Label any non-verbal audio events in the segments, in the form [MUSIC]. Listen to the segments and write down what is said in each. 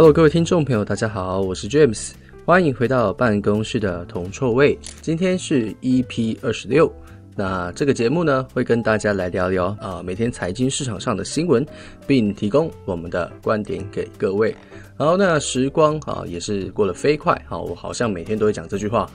Hello，各位聽眾朋友，大家好，我是 James，歡迎回到辦公室的銅臭味，今天是 EP 26。那這個節目呢，會跟大家來聊聊啊，每天財經市場上的新聞，並提供我們的觀點給各位。好，那時光啊，也是過得飛快、啊。我好像每天都會講這句話。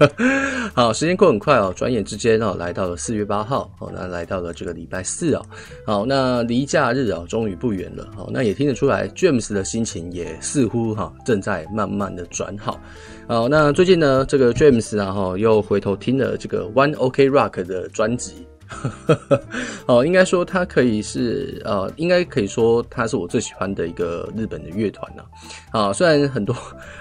[LAUGHS] 好，時間過很快哦，轉眼之間哦、啊，來到了四月八號。好、啊，那來到了這個禮拜四哦、啊。好，那離假日啊，終於不遠了。好、啊，那也聽得出來，James 的心情也似乎哈、啊，正在慢慢的轉好。好，那最近呢，這個 James 啊哈，又回頭聽了這個 One OK Rock 的專輯。呵呵呵好，應該說他可以是呃，應該可以說他是我最喜歡的一個日本的樂團啊。啊，雖然很多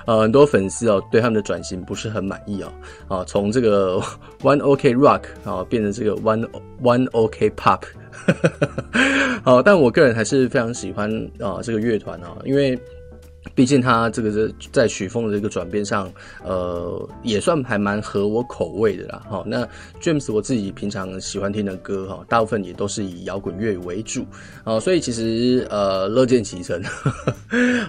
呃很多粉絲哦、喔、對他們的轉型不是很滿意啊、喔，啊，從這個 One OK Rock 啊變成這個 One One OK Pop。 [LAUGHS] 好，但我個人還是非常喜歡啊這個樂團啊，因為。畢竟他這個在在曲風的這個轉變上，呃，也算還蠻合我口味的啦。哈、哦，那 James 我自己平常喜歡聽的歌哈、哦，大部分也都是以搖滾樂為主啊、哦，所以其實呃樂見其成，哈哈啊、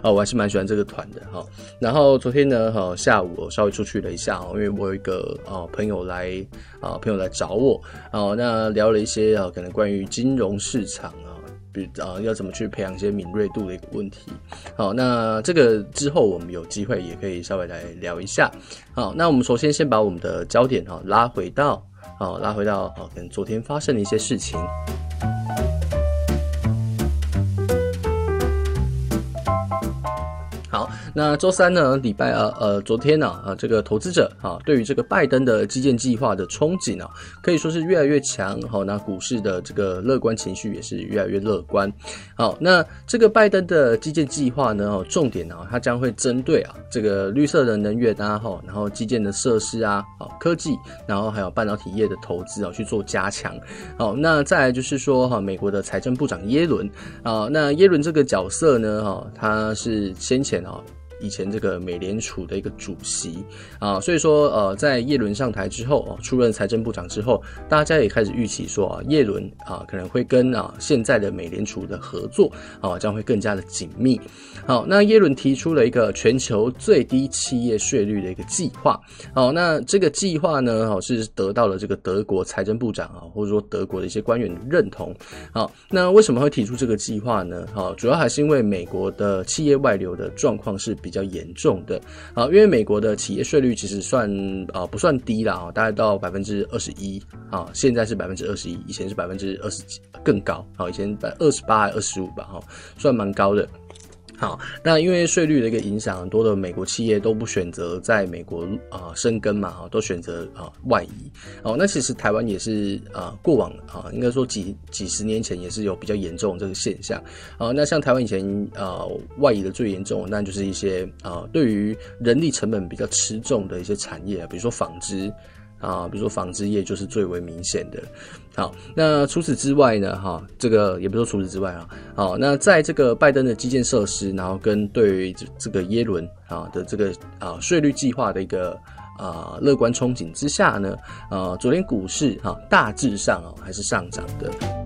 哦，我還是蠻喜歡這個團的哈、哦。然後昨天呢，哈、哦，下午我稍微出去了一下啊，因為我有一個啊、哦、朋友來啊、哦、朋友來找我啊、哦，那聊了一些啊、哦，可能關於金融市場啊。比如啊，要怎麼去培養一些敏銳度的一個問題？好，那這個之後我們有機會也可以稍微來聊一下。好，那我們首先先把我們的焦點哈、啊、拉回到，好、啊、拉回到好跟、啊、昨天發生的一些事情。那周三呢？禮拜呃呃，昨天呢啊，啊，這個投資者啊，對於這個拜登的基建計劃的憧憬啊，可以說是越來越強。好、啊，那股市的這個樂觀情緒也是越來越樂觀。好，那這個拜登的基建計劃呢？啊、重點呢、啊，它將會針對啊這個綠色的能源、啊啊，然後基建的設施啊，好、啊、科技，然後還有半導體業的投資啊去做加強。好，那再來就是說哈、啊，美國的財政部長耶倫啊，那耶倫這個角色呢？哈、啊，他是先前啊。以前這個美聯儲的一個主席啊，所以說呃，在耶倫上台之後啊，出任財政部長之後，大家也開始預期說啊，耶倫啊可能會跟啊現在的美聯儲的合作啊將會更加的緊密。好，那耶倫提出了一個全球最低企業稅率的一個計劃。好，那這個計劃呢，哦、啊、是得到了這個德國財政部長啊，或者說德國的一些官員的認同。好，那為什麼會提出這個計劃呢？好、啊，主要還是因為美國的企業外流的狀況是比。比較嚴重的啊，因為美國的企業稅率其實算啊，不算低了啊，大概到百分之二十一啊，現在，是百分之二十一，以前是百分之二十幾更高啊，以前百二十八還二十五吧，哈，算蠻高的。好，那因為稅率的一個影響，很多的美國企業都不選擇在美國啊、呃、生根嘛，哈，都選擇啊、呃、外移。哦，那其實台灣也是啊、呃，過往啊、呃，應該說幾幾十年前也是有比較嚴重的這個現象。呃、那像台灣以前啊、呃、外移的最嚴重，那就是一些啊、呃、對於人力成本比較吃重的一些產業，比如說紡織。啊，比如說紡織業就是最為明顯的。好，那除此之外呢？哈、啊，這個也不說除此之外啊。好、啊，那在這個拜登的基建設施，然後跟對於這這個耶倫啊的這個啊稅率計劃的一個啊樂觀憧憬之下呢，呃、啊，昨天股市哈、啊、大致上，啊還是上漲的。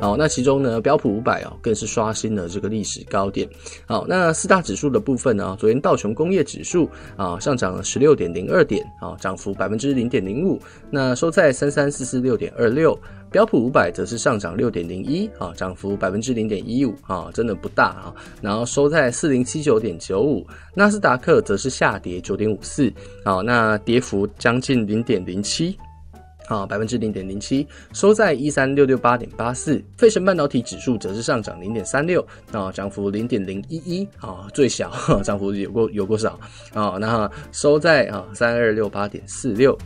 好、哦，那其中呢，標普五百哦，更是刷新了這個歷史高點。好、哦，那四大指數的部分呢，昨天道瓊工業指數啊、哦、上漲了十六點零二點，啊、哦，漲幅百分之零點零五，那收在三三四四六點二六。標普五百則是上漲六點零一，啊，漲幅百分之零點一五，啊，真的不大啊、哦。然後收在四零七九點九五。納斯達克則是下跌九點五四，啊，那跌幅將近零點零七。啊，百分之零點零七，收在一三六六八點八四。費城半導體指數則是上漲零點三六，漲幅零點零一一啊，最小漲幅有夠有夠小啊、哦？那收在啊三二六八點四六。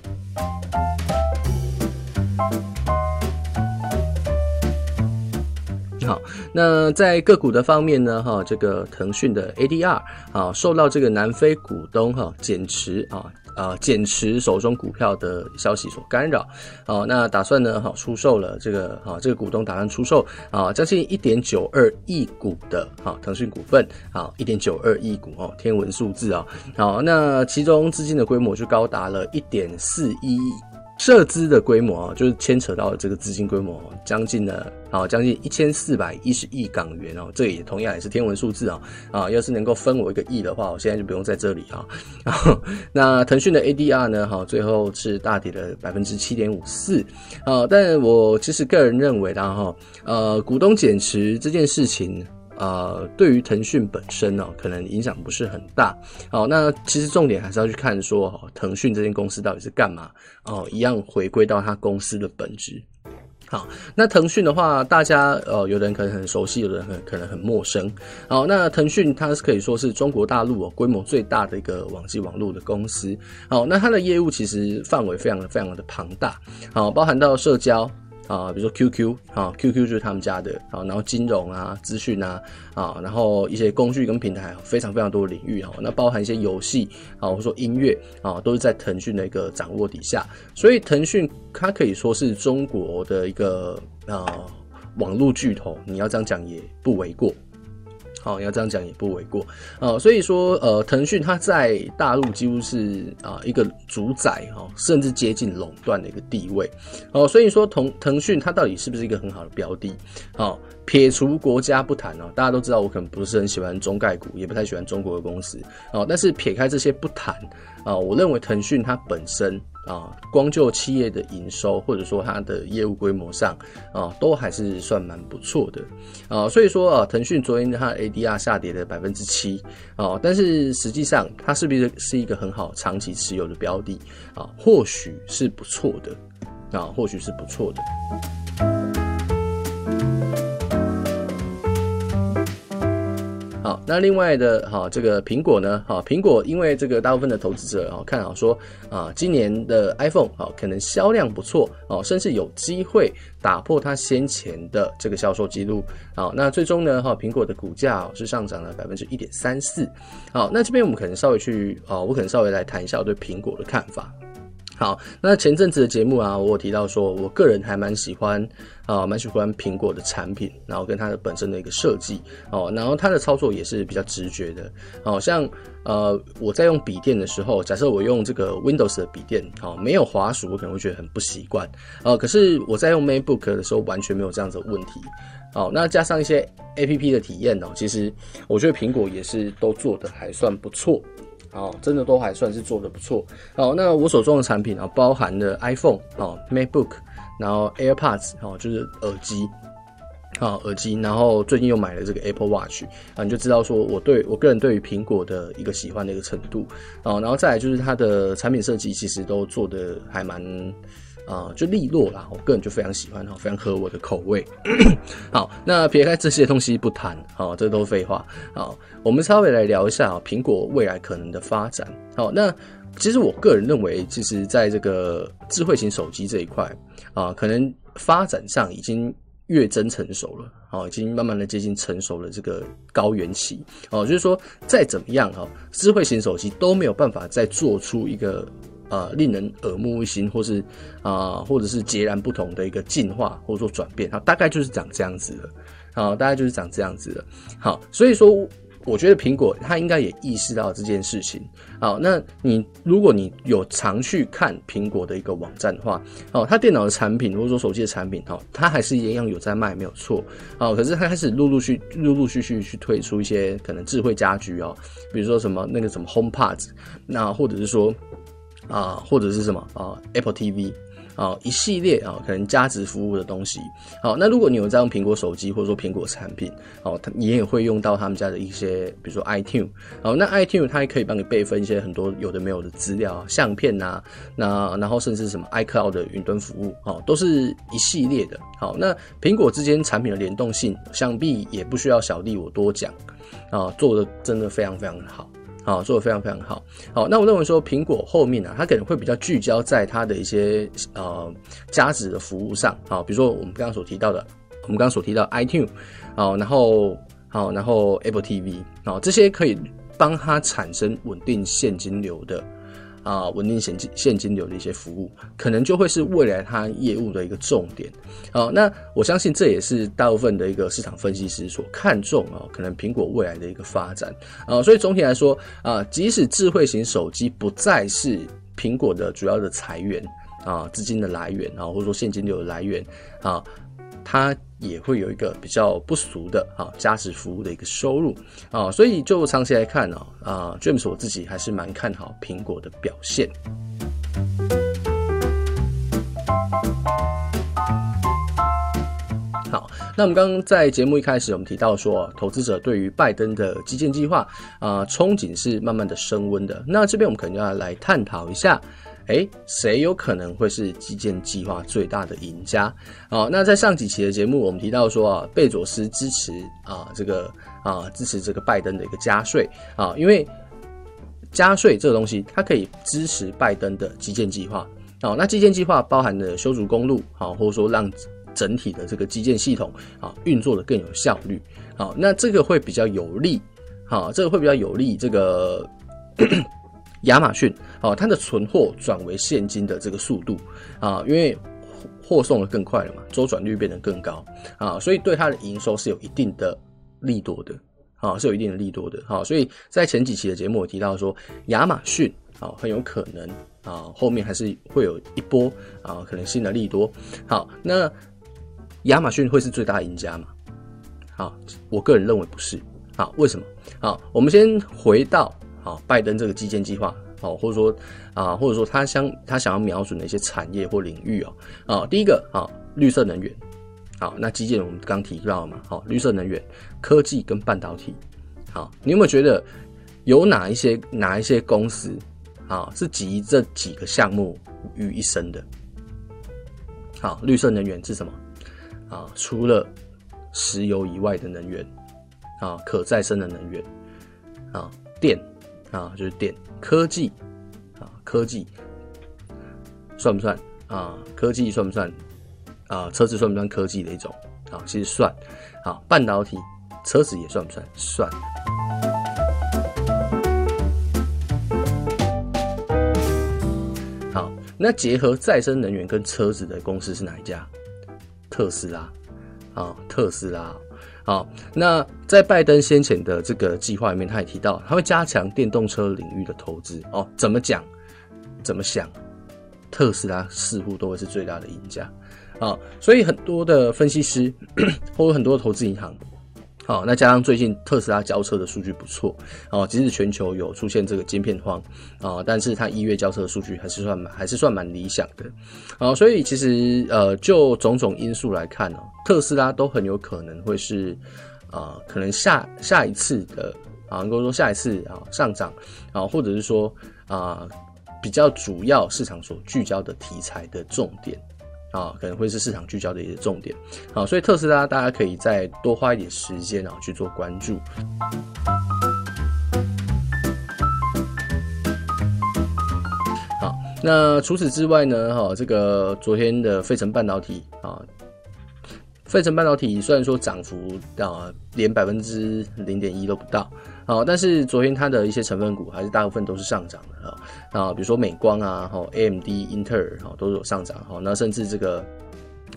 好，那在個股的方面呢，哈、哦，這個騰訊的 ADR 啊、哦，受到這個南非股東哈、哦、減持啊。哦啊，減持手中股票的消息所干擾，好、啊，那打算呢？好、啊，出售了這個，哈、啊，這個股東打算出售啊，將近一點九二億股的哈、啊，騰訊股份，好、啊，一點九二億股哦、啊，天文數字啊，好、啊，那其中資金的規模就高達了一點四一億。設資的規模啊，就是牽扯到這個資金規模，將近了啊，將近一千四百一十億港元哦、啊，這也同樣也是天文數字啊啊！要是能夠分我一個億的話，我現在就不用在這裡哈、啊。那騰訊的 ADR 呢，哈，最後是大跌了百分之七點五四啊，但我其實個人認為的哈、啊，呃，股東減持這件事情。呃，對於騰訊本身呢哦，可能影響不是很大。好，那其實重點還是要去看說騰訊這間公司到底是幹嘛。哦，一樣回歸到它公司的本質。好，那騰訊的話，大家呃，有的人可能很熟悉，有的人可能很陌生。好，那騰訊它是可以說是中國大陸哦規模最大的一個網際網絡的公司。好，那它的業務其實範圍非常的非常的龐大。好，包含到社交，啊，比如說 QQ 啊，QQ 就是他們家的啊，然後金融啊、資訊啊，啊，然後一些工具跟平台，非常非常多的領域哈，啊，那包含一些遊戲啊，或者說音樂啊，都是在騰訊的一個掌握底下，所以騰訊它可以說是中國的一個啊網絡巨頭，你要這樣講也不為過。哦，要這樣講也不為過，哦，所以說，呃，騰訊它在大陸幾乎是啊一個主宰，哦，甚至接近壟斷的一個地位，哦，所以說同，騰騰訊它到底是不是一個很好的標的？哦，撇除國家不談哦，大家都知道，我可能不是很喜歡中概股，也不太喜歡中國的公司，哦，但是撇開這些不談，啊、哦，我認為騰訊它本身。啊，光就企業的營收，或者說它的業務規模上，啊，都還是算蠻不錯的，啊，所以說啊，騰訊昨天它 ADR 下跌了百分之七，哦、啊，但是實際上它是不是是一個很好長期持有的標的啊？或許是不錯的，啊，或許是不錯的。好，那另外的哈、哦，這個蘋果呢，哈、哦，蘋果因為這個大部分的投資者啊、哦、看好說啊，今年的 iPhone 啊、哦、可能銷量不錯哦，甚至有機會打破它先前的這個銷售記錄。啊、哦、那最終呢，哈、哦，蘋果的股價、哦、是上漲了百分之一點三四。好、哦，那這邊我們可能稍微去啊、哦，我可能稍微來談一下我對蘋果的看法。好，那前陣子的節目啊，我有提到說，我個人還蠻喜歡啊，蠻、呃、喜歡蘋果的產品，然後跟它的本身的一個設計哦，然後它的操作也是比較直覺的，好、哦、像呃，我在用筆電的時候，假設我用這個 Windows 的筆電，哦，沒有滑鼠，我可能會覺得很不習慣，呃，可是我在用 MacBook 的時候，完全沒有這樣子的問題，好、哦，那加上一些 APP 的體驗呢、哦，其實我覺得蘋果也是都做得還算不錯。哦，真的都還算是做的不錯。哦，那我手中的產品啊，包含了 iPhone 啊，哦，MacBook，然後 AirPods 哦，就是耳機啊，哦，耳機，然後最近又買了這個 Apple Watch 啊，你就知道說我對我個人對於蘋果的一個喜歡的一個程度。哦，然後再來就是它的產品設計，其實都做的還蠻。啊，就利落啦，我個人就非常喜歡，哈，非常合我的口味。 [COUGHS] 好，那撇開這些東西不談，好、啊，這都廢話，好，我們稍微來聊一下啊，蘋果未來可能的發展。好，那其實我個人認為，其實在這個智慧型手機這一塊，啊，可能發展上已經越增成熟了、啊，已經慢慢的接近成熟了這個高原期，哦、啊，就是說再怎麼樣、啊，哈，智慧型手機都沒有辦法再做出一個。呃，令人耳目一新，或是啊、呃，或者是截然不同的一個進化，或者說轉變，啊，大概就是長這樣子了，好，大概就是長這樣子了。好，所以說，我覺得蘋果它應該也意識到這件事情。好，那你如果你有常去看蘋果的一個網站的話，哦，它電腦的產品，或者說手機的產品，哦、它還是一樣有在賣，沒有錯。好、哦，可是它開始陸陸續、陸陸續續去推出一些可能智慧家居哦，比如說什麼那個什麼 HomePods，那或者是說。啊，或者是什麼啊，Apple TV，啊，一系列啊，可能加值服務的東西。好，那如果你有在用蘋果手機或者說蘋果產品，哦、啊，它你也會用到他們家的一些，比如說 iTunes。好，那 iTunes 它還可以幫你備份一些很多有的沒有的資料、相片吶、啊，那然後甚至什麼 iCloud 的雲端服務，哦、啊，都是一系列的。好，那蘋果之間產品的聯動性，想必也不需要小弟我多講，啊，做的真的非常非常的好。啊，做的非常非常好。好，那我認為說，蘋果後面呢、啊，它可能會比較聚焦在它的一些呃加值的服務上啊，比如說我們剛剛所提到的，我們剛剛所提到 iTunes 好，然後好，然後 Apple TV，好，這些可以幫它產生穩定現金流的。啊，穩定現金現金流的一些服務，可能就會是未來它業務的一個重點。好、啊，那我相信這也是大部分的一個市場分析師所看重啊，可能蘋果未來的一個發展啊。所以總體來說啊，即使智慧型手機不再是蘋果的主要的財源啊，資金的來源啊，或者說現金流的來源啊，它也會有一個比較不俗的啊，加值服務的一個收入啊，所以就長期來看啊啊，James 我自己還是蠻看好蘋果的表現。好，那我們剛剛在節目一開始，我們提到說啊，投資者對於拜登的基建計劃啊，憧憬是慢慢的升溫的。那這邊我們可能要來探討一下。哎，誰有可能會是基建計劃最大的贏家？哦，那在上幾期的節目，我們提到說啊，貝佐斯支持啊這個啊支持這個拜登的一個加稅啊，因為加稅這個東西，它可以支持拜登的基建計劃。啊那基建計劃包含了修築公路，啊或者說讓整體的這個基建系統啊運作得更有效率。啊那這個會比較有利。好、啊，這個會比較有利。這個。 [COUGHS] 亞馬遜啊、哦，它的存貨轉為現金的這個速度啊，因為貨送的更快了嘛，周轉率變得更高啊，所以對它的營收是有一定的利多的啊，是有一定的利多的哈、啊。所以在前幾期的節目我提到說，亞馬遜啊很有可能啊後面還是會有一波啊可能新的利多。好、啊，那亞馬遜會是最大贏家嗎？啊，我個人認為不是啊，為什麼？啊，我們先回到。啊，拜登這個基建計劃，好、哦，或者說啊，或者說他想他想要瞄準的一些產業或領域哦，啊、哦，第一個啊、哦，綠色能源，好、哦，那基建我們剛提到了嘛，好、哦，綠色能源、科技跟半導體，好、哦，你有沒有覺得有哪一些哪一些公司啊、哦、是集這幾個項目於一身的？好、哦，綠色能源是什麼？啊、哦，除了石油以外的能源，啊、哦，可再生的能源，啊、哦，電。啊，就是點科技，啊，科技算不算，啊，科技算不算啊？科技算不算啊？車子算不算科技的一種啊？其實算，啊，半導體車子也算不算？算。好，那結合再生能源跟車子的公司是哪一家？特斯拉，啊，特斯拉。好，那在拜登先前的這個計劃裡面，他也提到他會加強電動車領域的投資哦。怎麼講？怎麼想？特斯拉似乎都會是最大的贏家啊、哦！所以很多的分析師， [COUGHS] 或者很多的投資銀行。好、哦，那加上最近特斯拉交車的數據不錯，哦，即使全球有出現這個晶片荒啊、哦，但是它一月交車的數據還是算蠻還是算蠻理想的，好、哦，所以其實呃，就種種因素來看呢、哦，特斯拉都很有可能會是、呃、能啊，可能下下一次的啊，能夠說下一次啊上漲啊，或者是說啊比較主要市場所聚焦的題材的重點。啊、哦，可能會是市場聚焦的一個重點，好，所以特斯拉大家可以再多花一點時間啊去做關注。好，那除此之外呢，哈、哦，這個昨天的費城半導體啊，費、哦、城半導體雖然說漲幅啊、呃、連百分之零點一都不到。好，但是昨天它的一些成分股還是大部分都是上漲的哈。啊、哦，比如說美光啊，哈、哦、，AMD Intel,、哦、i n t e 哈都是有上漲哈、哦。那甚至這個、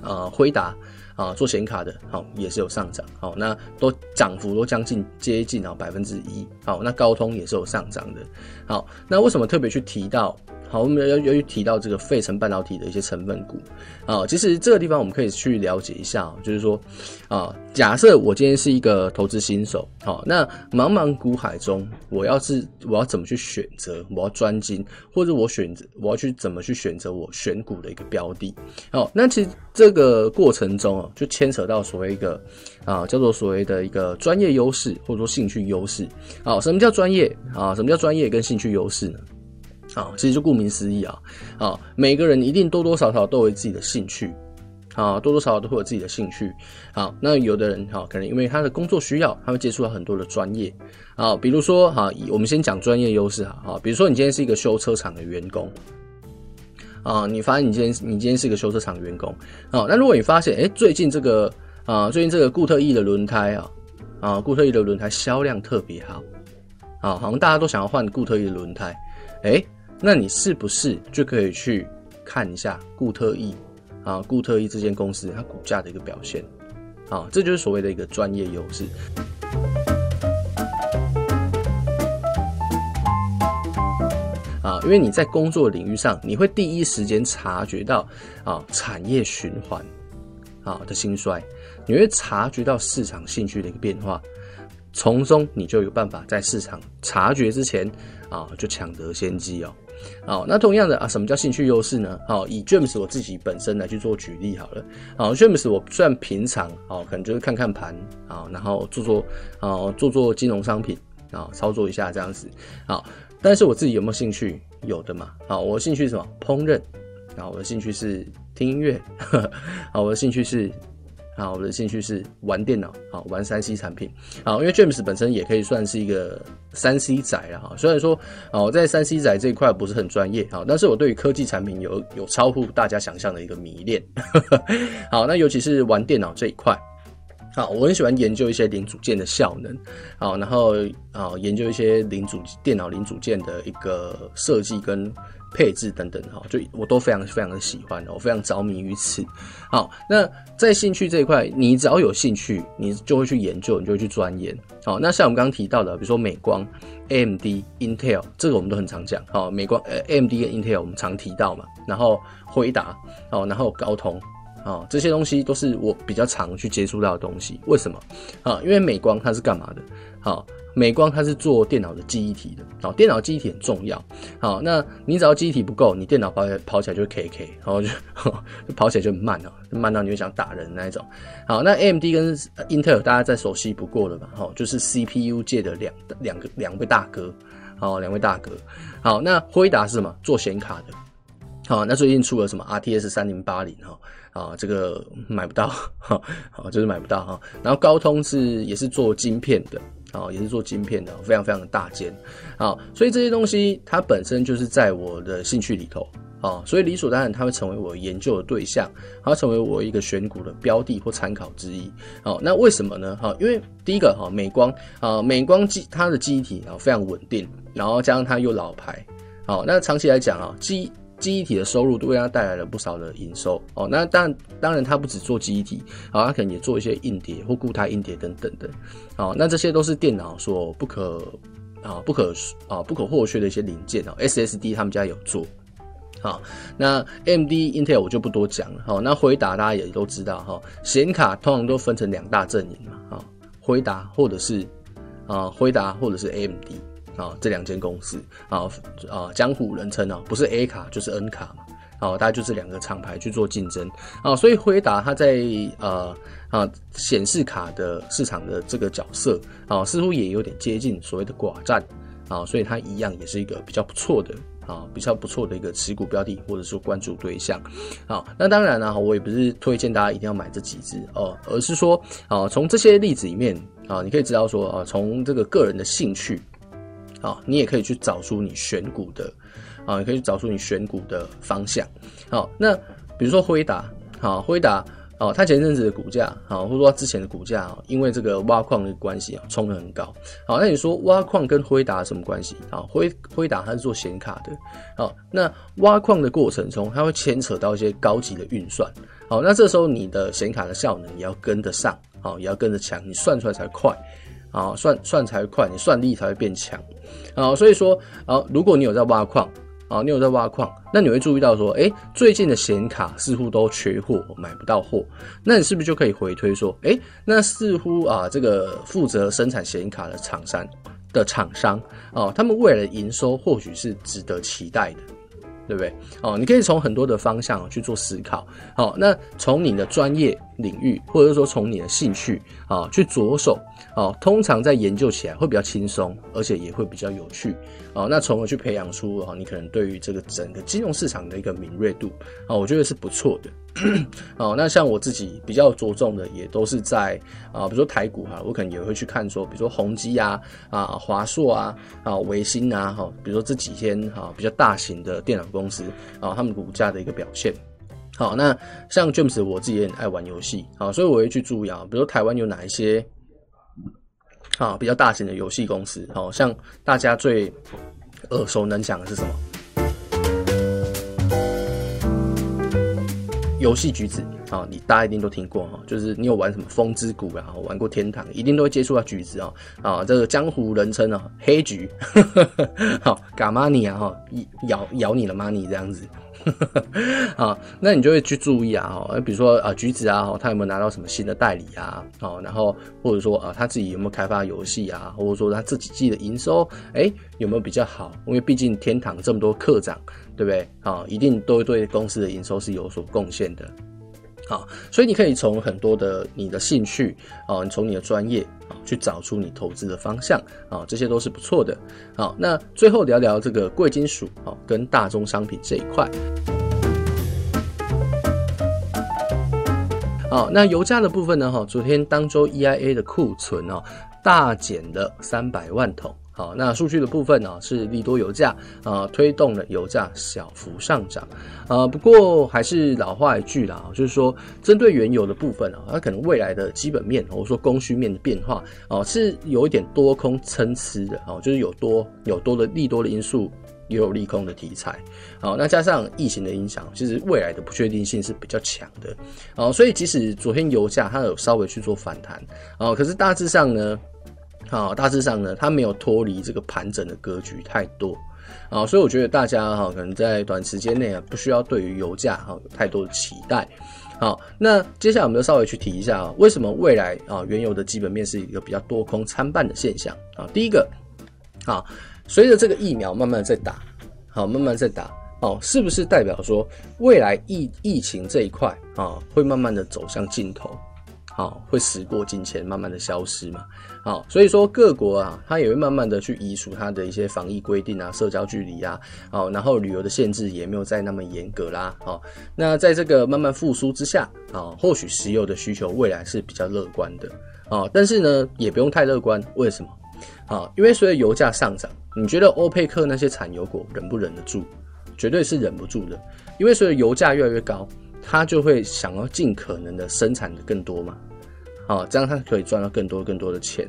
呃、啊，輝達啊做顯卡的，好、哦、也是有上漲好、哦。那都漲幅都將近接近啊百分之一好。那高通也是有上漲的。好、哦，那為什麼特別去提到？好，我們要由於提到這個費城半導體的一些成分股啊、哦，其實這個地方我們可以去了解一下就是說啊、哦，假設我今天是一個投資新手，好、哦，那茫茫股海中，我要是我要怎麼去選擇，我要專精，或者我選擇我要去怎麼去選擇我選股的一個標的，好、哦，那其實這個過程中啊，就牽扯到所謂一個啊、哦、叫做所謂的一個專業優勢或者說興趣優勢，好、哦，什麼叫專業啊、哦？什麼叫專業跟興趣優勢呢？啊，其實就顧名思義啊，啊，每個人一定多多少少都有自己的興趣，啊，多多少少都會有自己的興趣，好，那有的人哈，可能因為他的工作需要，他會接觸到很多的專業，啊，比如說哈，我們先講專業優勢，哈，比如說你今天是一個修車廠的員工，啊，你發現你今天你今天是一個修車廠的員工，啊，那如果你發現，哎、欸，最近這個啊，最近這個固特異的輪胎啊，啊，固特異的輪胎銷量特別好，啊，好像大家都想要換固特異的輪胎，哎、欸。那你是不是就可以去看一下固特異啊？固特異這間公司它股價的一個表現，啊，這就是所謂的一個專業優勢。啊，因為你在工作領域上，你會第一時間察覺到啊產業循環啊的興衰，你會察覺到市場興趣的一個變化，從中你就有辦法在市場察覺之前啊就搶得先機哦。好，那同樣的啊，什麼叫興趣優勢呢？好、哦，以 James 我自己本身來去做舉例好了。好，James 我算平常啊、哦，可能就是看看盤啊，然後做做啊、哦，做做金融商品啊，操作一下這樣子。好，但是我自己有沒有興趣？有的嘛。好，我的興趣是什麼？烹飪。啊，我的興趣是聽音樂。 [LAUGHS] 好，我的興趣是。好，我的興趣是玩電腦，啊，玩三 C 產品，好，因為 James 本身也可以算是一個三 C 宅了哈。雖然說，啊，我在三 C 宅這一塊不是很專業啊，但是我對於科技產品有有超乎大家想象的一個迷戀。 [LAUGHS] 好，那尤其是玩電腦這一塊。好，我很喜歡研究一些零組件的效能，好，然後啊研究一些零組電腦零組件的一個設計跟配置等等，哈，就我都非常非常的喜歡，我非常着迷於此。好，那在興趣這一塊，你只要有興趣，你就會去研究，你就會去鑽研。好，那像我們剛剛提到的，比如說美光、AMD、Intel，這個我們都很常講，好，美光、AMD 跟 Intel 我們常提到嘛，然後輝達，哦，然後高通。啊、哦，這些東西都是我比較常去接觸到的東西。為什麼？啊、哦，因為美光它是幹嘛的？好、哦，美光它是做電腦的記憶體的。好、哦，電腦記憶體很重要。好、哦，那你只要記憶體不夠，你電腦跑起來跑起來就會 K K，然、哦、後就就跑起來就很慢啊，慢到你會想打人的那一種。好，那 AMD 跟英特爾大家再熟悉不過了吧？好、哦，就是 CPU 界的兩兩個兩位大哥。好、哦，兩位大哥。好，那輝達是什麼？做顯卡的。好、哦，那最近出了什麼 RTX 三零八零？哈。啊，這個買不到哈，好、啊啊，就是買不到哈、啊。然後高通是也是做晶片的啊，也是做晶片的，非常非常的大間啊。所以這些東西它本身就是在我的興趣裡頭啊，所以理所當然它會成為我研究的對象，它、啊、成為我一個選股的標的或參考之一。好、啊，那為什麼呢？哈、啊，因為第一個哈、啊，美光啊，美光基它的機體啊非常穩定，然後加上它又老牌，好、啊，那長期來講啊基。記憶體的收入都為它帶來了不少的營收哦。那當然，當然它不只做記憶體，好、哦，它可能也做一些硬碟或固態硬碟等等的、哦。那這些都是電腦所不可啊、哦、不可啊、哦、不可或缺的一些零件哦。SSD 他們家有做，好、哦，那 AMD Intel 我就不多講了。好、哦，那輝達大家也都知道哈，顯、哦、卡通常都分成兩大陣營嘛。好、哦，輝達或者是啊、哦、輝達或者是 AMD。啊，這兩間公司啊啊、呃，江湖人稱啊，不是 A 卡就是 N 卡嘛，啊，大概就這兩個廠牌去做競爭啊，所以輝達它在呃啊顯示卡的市場的這個角色啊，似乎也有點接近所謂的寡占啊，所以它一樣也是一個比較不錯的啊，比較不錯的一個持股標的或者說關注對象。啊，那當然了、啊，我也不是推薦大家一定要買這幾只哦、啊，而是說啊，從這些例子裡面啊，你可以知道說啊，從這個個人的興趣。好，你也可以去找出你選股的，啊，你可以去找出你選股的方向。好，那比如說輝達，好，輝達，好，哦，它前一陣子的股價，好，或者說之前的股價，因為這個挖礦的關係啊，衝得很高。好，那你說挖礦跟輝達什麼關係？啊，輝輝達它是做顯卡的，好，那挖礦的過程中，它會牽扯到一些高級的運算。好，那這時候你的顯卡的效能也要跟得上，好，也要跟着強，你算出來才快。啊，算算才會快，你算力才會變強，啊，所以說啊，如果你有在挖礦，啊，你有在挖礦，那你會注意到說，哎、欸，最近的顯卡似乎都缺貨，買不到貨，那你是不是就可以回推說，哎、欸，那似乎啊，這個負責生產顯卡的廠商的廠商，啊，他們未來的營收或許是值得期待的。對不對？哦，你可以從很多的方向去做思考。好，那從你的專業領域，或者說從你的興趣啊，去着手哦，通常在研究起來會比較輕鬆，而且也會比較有趣。哦，那從而去培養出哦，你可能對於這個整個金融市場的一個敏銳度哦，我覺得是不錯的。哦， [COUGHS] 那像我自己比較着重的也都是在啊，比如說台股哈，我可能也會去看說，比如說宏碁啊、啊華碩啊、啊微星啊，哈、啊，比如說這幾天哈、啊、比較大型的電腦公司啊，他們股價的一個表現。好，那像 James 我自己也很愛玩遊戲，啊，所以我會去注意啊，比如說台灣有哪一些啊比較大型的遊戲公司，好像大家最耳熟能詳的是什麼？遊戲橘子啊、哦,你大家一定都聽過哈，就是你有玩什麼風之谷啊，玩過天堂，一定都會接觸到橘子啊啊、哦，這個江湖人稱啊，黑橘， [LAUGHS] 好，咬 Money 啊哈，咬咬你了 Money 這樣子。啊， [LAUGHS] 那你就會去注意啊，哦，比如說啊，橘子啊，他有沒有拿到什麼新的代理啊，哦，然後或者說啊，他自己有沒有開發遊戲啊，或者說他自己記的營收，哎、欸，有沒有比較好？因為畢竟天堂這麼多課長，對不對？啊，一定都會對公司的營收是有所貢獻的。好，所以你可以從很多的你的興趣啊，你從你的專業啊去找出你投資的方向啊，這些都是不錯的。好，那最後聊聊這個貴金屬啊跟大宗商品這一塊。好，那油價的部分呢？哈，昨天當周 EIA 的庫存啊大減了三百萬桶。好，那數據的部分呢、啊，是利多油價啊、呃，推動了油價小幅上漲啊、呃。不過還是老話一句啦，就是說針對原油的部分啊，它可能未來的基本面或者說供需面的變化啊、呃，是有一點多空參差的啊、呃，就是有多有多的利多的因素，也有，有利空的題材。好、呃，那加上疫情的影響，其實未來的不確定性是比較強的。好、呃，所以即使昨天油價它有稍微去做反彈啊、呃，可是大致上呢。好、哦，大致上呢，它沒有脫離這個盤整的格局太多啊、哦，所以我覺得大家哈、哦，可能在短時間內啊，不需要對於油價哈、哦，太多的期待。好、哦，那接下來我們就稍微去提一下啊，為什麼未來啊、哦，原油的基本面是一個比較多空參半的現象啊、哦？第一個啊，隨、哦，着這個疫苗慢慢在打，好、哦，慢慢在打，哦，是不是代表說未來疫疫情這一塊啊、哦，會慢慢的走向盡頭？啊、哦，會時過境遷，慢慢的消失嘛？好、哦，所以說各國啊，它也會慢慢的去移除它的一些防疫規定啊，社交距離啊，哦，然後旅遊的限制也沒有再那麼嚴格啦，好、哦，那在這個慢慢復甦之下，啊、哦，或許石油的需求未來是比較樂觀的，啊、哦，但是呢，也不用太樂觀，為什麼？啊、哦，因為隨着油價上漲，你覺得歐佩克那些產油國忍不忍得住？絕對是忍不住的，因為隨着油價越來越高，它就會想要盡可能的生產的更多嘛。啊，這樣它可以賺到更多更多的錢，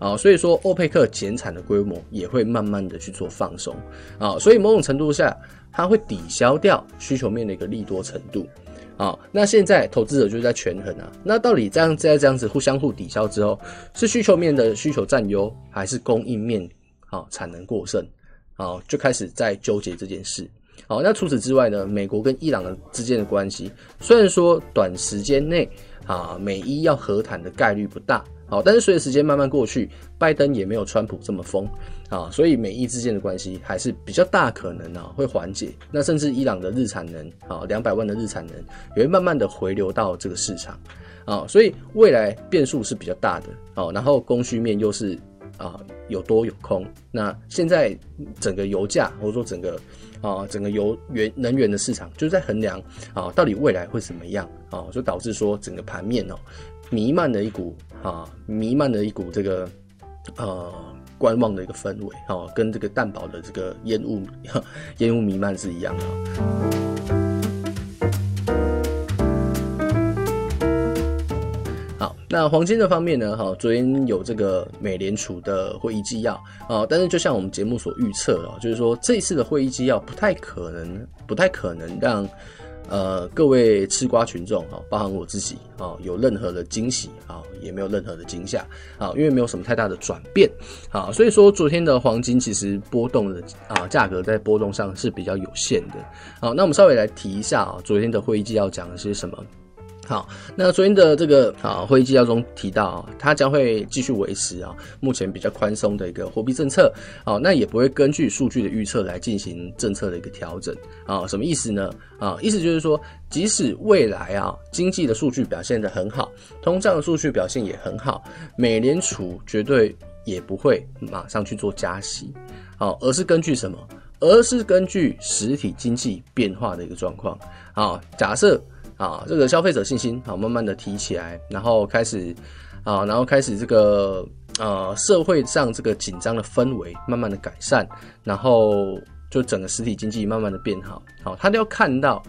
啊，所以說歐佩克減產的規模也會慢慢的去做放鬆，啊，所以某種程度下，它會抵消掉需求面的一個利多程度，啊，那現在投資者就是在權衡啊，那到底這樣在這樣子互相互抵消之後，是需求面的需求佔優，還是供應面啊產能過剩，啊，就開始在糾結這件事，好，那除此之外呢，美國跟伊朗的之間的關係，雖然說短時間內。啊，美伊要和談的概率不大，好、啊，但是隨着時間慢慢過去，拜登也沒有川普這麼瘋，啊，所以美伊之間的關係還是比較大可能呢、啊，會緩解，那甚至伊朗的日產能，啊兩百萬的日產能，也會慢慢的回流到這個市場，啊，所以未來變數是比較大的，啊，然後供需面又是。啊，有多有空。那現在整個油價或者說整個啊整個油源能源的市場，就是在衡量啊到底未來會怎麼樣啊，就導致說整個盤面哦、啊、彌漫的一股啊彌漫的一股這個呃、啊、觀望的一個氛圍哦、啊，跟這個蛋堡的這個煙霧煙霧彌漫是一樣的。啊好，那黃金的方面呢？哈，昨天有這個美聯儲的會議紀要啊，但是就像我們節目所預測啊，就是說這一次的會議紀要不太可能，不太可能讓呃各位吃瓜群眾啊，包含我自己啊，有任何的驚喜啊，也沒有任何的驚嚇啊，因為沒有什麼太大的轉變啊，所以說昨天的黃金其實波動的啊，價格在波動上是比較有限的。好，那我們稍微來提一下啊，昨天的會議紀要講了些什麼？好，那昨天的這個啊會議紀要中提到，它將會繼續維持啊目前比較寬鬆的一個貨幣政策。啊那也不會根據數據的預測來進行政策的一個調整啊。什麼意思呢？啊，意思就是說，即使未來啊經濟的數據表現得很好，通脹的數據表現也很好，美聯儲絕對也不會馬上去做加息。啊而是根據什麼？而是根據實體經濟變化的一個狀況。啊假設。啊，這個消費者信心好、啊，慢慢的提起來，然後開始，啊，然後開始這個，呃、啊，社會上這個緊張的氛圍慢慢的改善，然後就整個實體經濟慢慢的變好，好、啊，他都要看到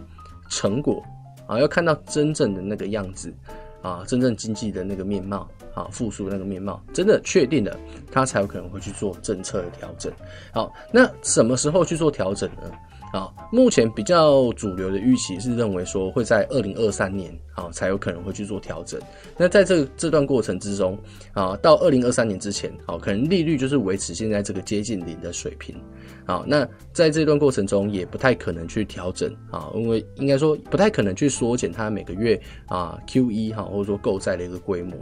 成果，啊，要看到真正的那個樣子，啊，真正經濟的那個面貌，啊，復甦的那個面貌，真的確定了，他才有可能會去做政策的調整，好、啊，那什麼時候去做調整呢？啊，目前比較主流的預期是認為說會在二零二三年啊才有可能會去做調整。那在這這段過程之中，啊，到二零二三年之前，啊，可能利率就是維持現在這個接近零的水平。啊，那在這段過程中也不太可能去調整啊，因為應該說不太可能去縮減它每個月啊 QE 哈或者說購債的一個規模。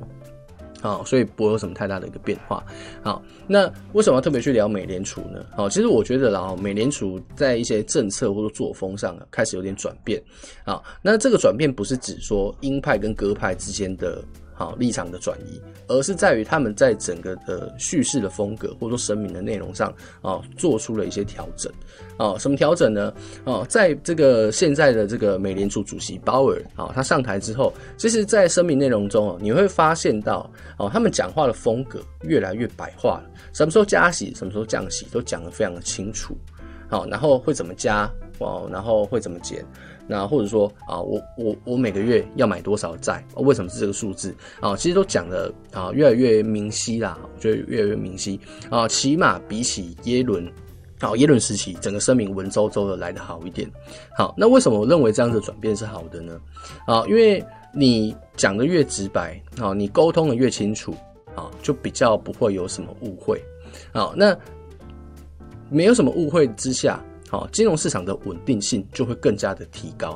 啊，所以不會有什麼太大的一個變化。好，那為什麼要特別去聊美聯儲呢？好，其實我覺得啦，美聯儲在一些政策或者作風上開始有點轉變。好，那這個轉變不是指說鷹派跟鴿派之間的好立場的轉移。而是在於他們在整個的敘事的風格或者說聲明的內容上啊，做出了一些調整哦、啊，什麼調整呢？哦、啊，在這個現在的這個美聯儲主席鮑爾啊，他上台之後，其實在聲明內容中哦、啊，你會發現到哦、啊，他們講話的風格越來越白話了，什麼時候加息，什麼時候降息，都講得非常的清楚，好、啊，然後會怎麼加，哦、啊，然後會怎麼減。那、啊、或者說啊，我我我每個月要買多少債、啊？為什麼是這個數字啊？其實都講的啊，越來越明晰啦，我覺得越來越明晰啊。起碼比起耶倫啊，耶倫時期整個聲明文縐縐的來的好一點。好，那為什麼我認為這樣子的轉變是好的呢？啊，因為你講的越直白啊，你溝通的越清楚啊，就比較不會有什麼誤會啊。那沒有什麼誤會之下。好、哦，金融市場的穩定性就會更加的提高，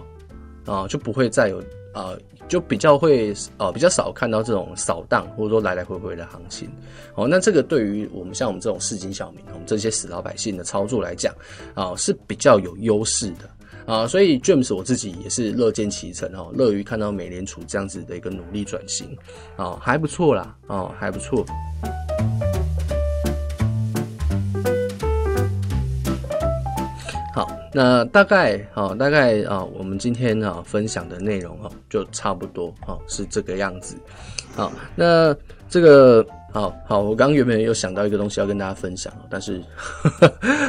啊、哦，就不會再有、呃、就比較會呃，比較少看到這種掃蕩或者說來來回回的行情。哦，那這個對於我們像我們這種市井小民，我們這些死老百姓的操作來講，啊、哦，是比較有優勢的啊、哦。所以 James 我自己也是樂見其成哦，樂於看到美聯儲這樣子的一個努力轉型，哦，還不錯啦，哦，還不錯。那大概啊、哦，大概啊、哦，我們今天啊、哦、分享的內容啊、哦，就差不多啊、哦，是這個樣子。好、哦，那這個。好好，我剛原本又想到一個東西要跟大家分享，但是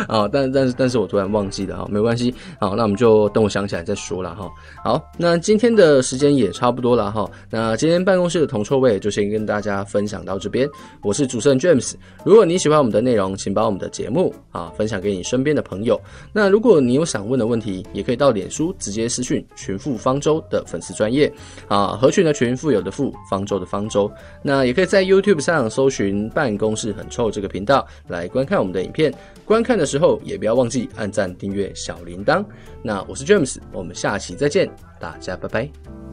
啊， [LAUGHS] 但但但，但是我突然忘記了啊，沒關係，好，那我們就等我想起來再說了哈。好，那今天的時間也差不多了哈，那今天辦公室的銅臭味就先跟大家分享到這邊。我是主持人 James，如果你喜歡我們的內容，請把我們的節目啊，分享給你身邊的朋友。那如果你有想問的問題，也可以到臉書直接私訊群富方舟的粉絲專頁啊，合群的群，富有的富，方舟的方舟。那也可以在 YouTube 上，搜尋“辦公室很臭”這個頻道來觀看我們的影片，觀看的時候也不要忘記按讚、訂閱、小鈴鐺。那我是 James，我們下期再見，大家拜拜。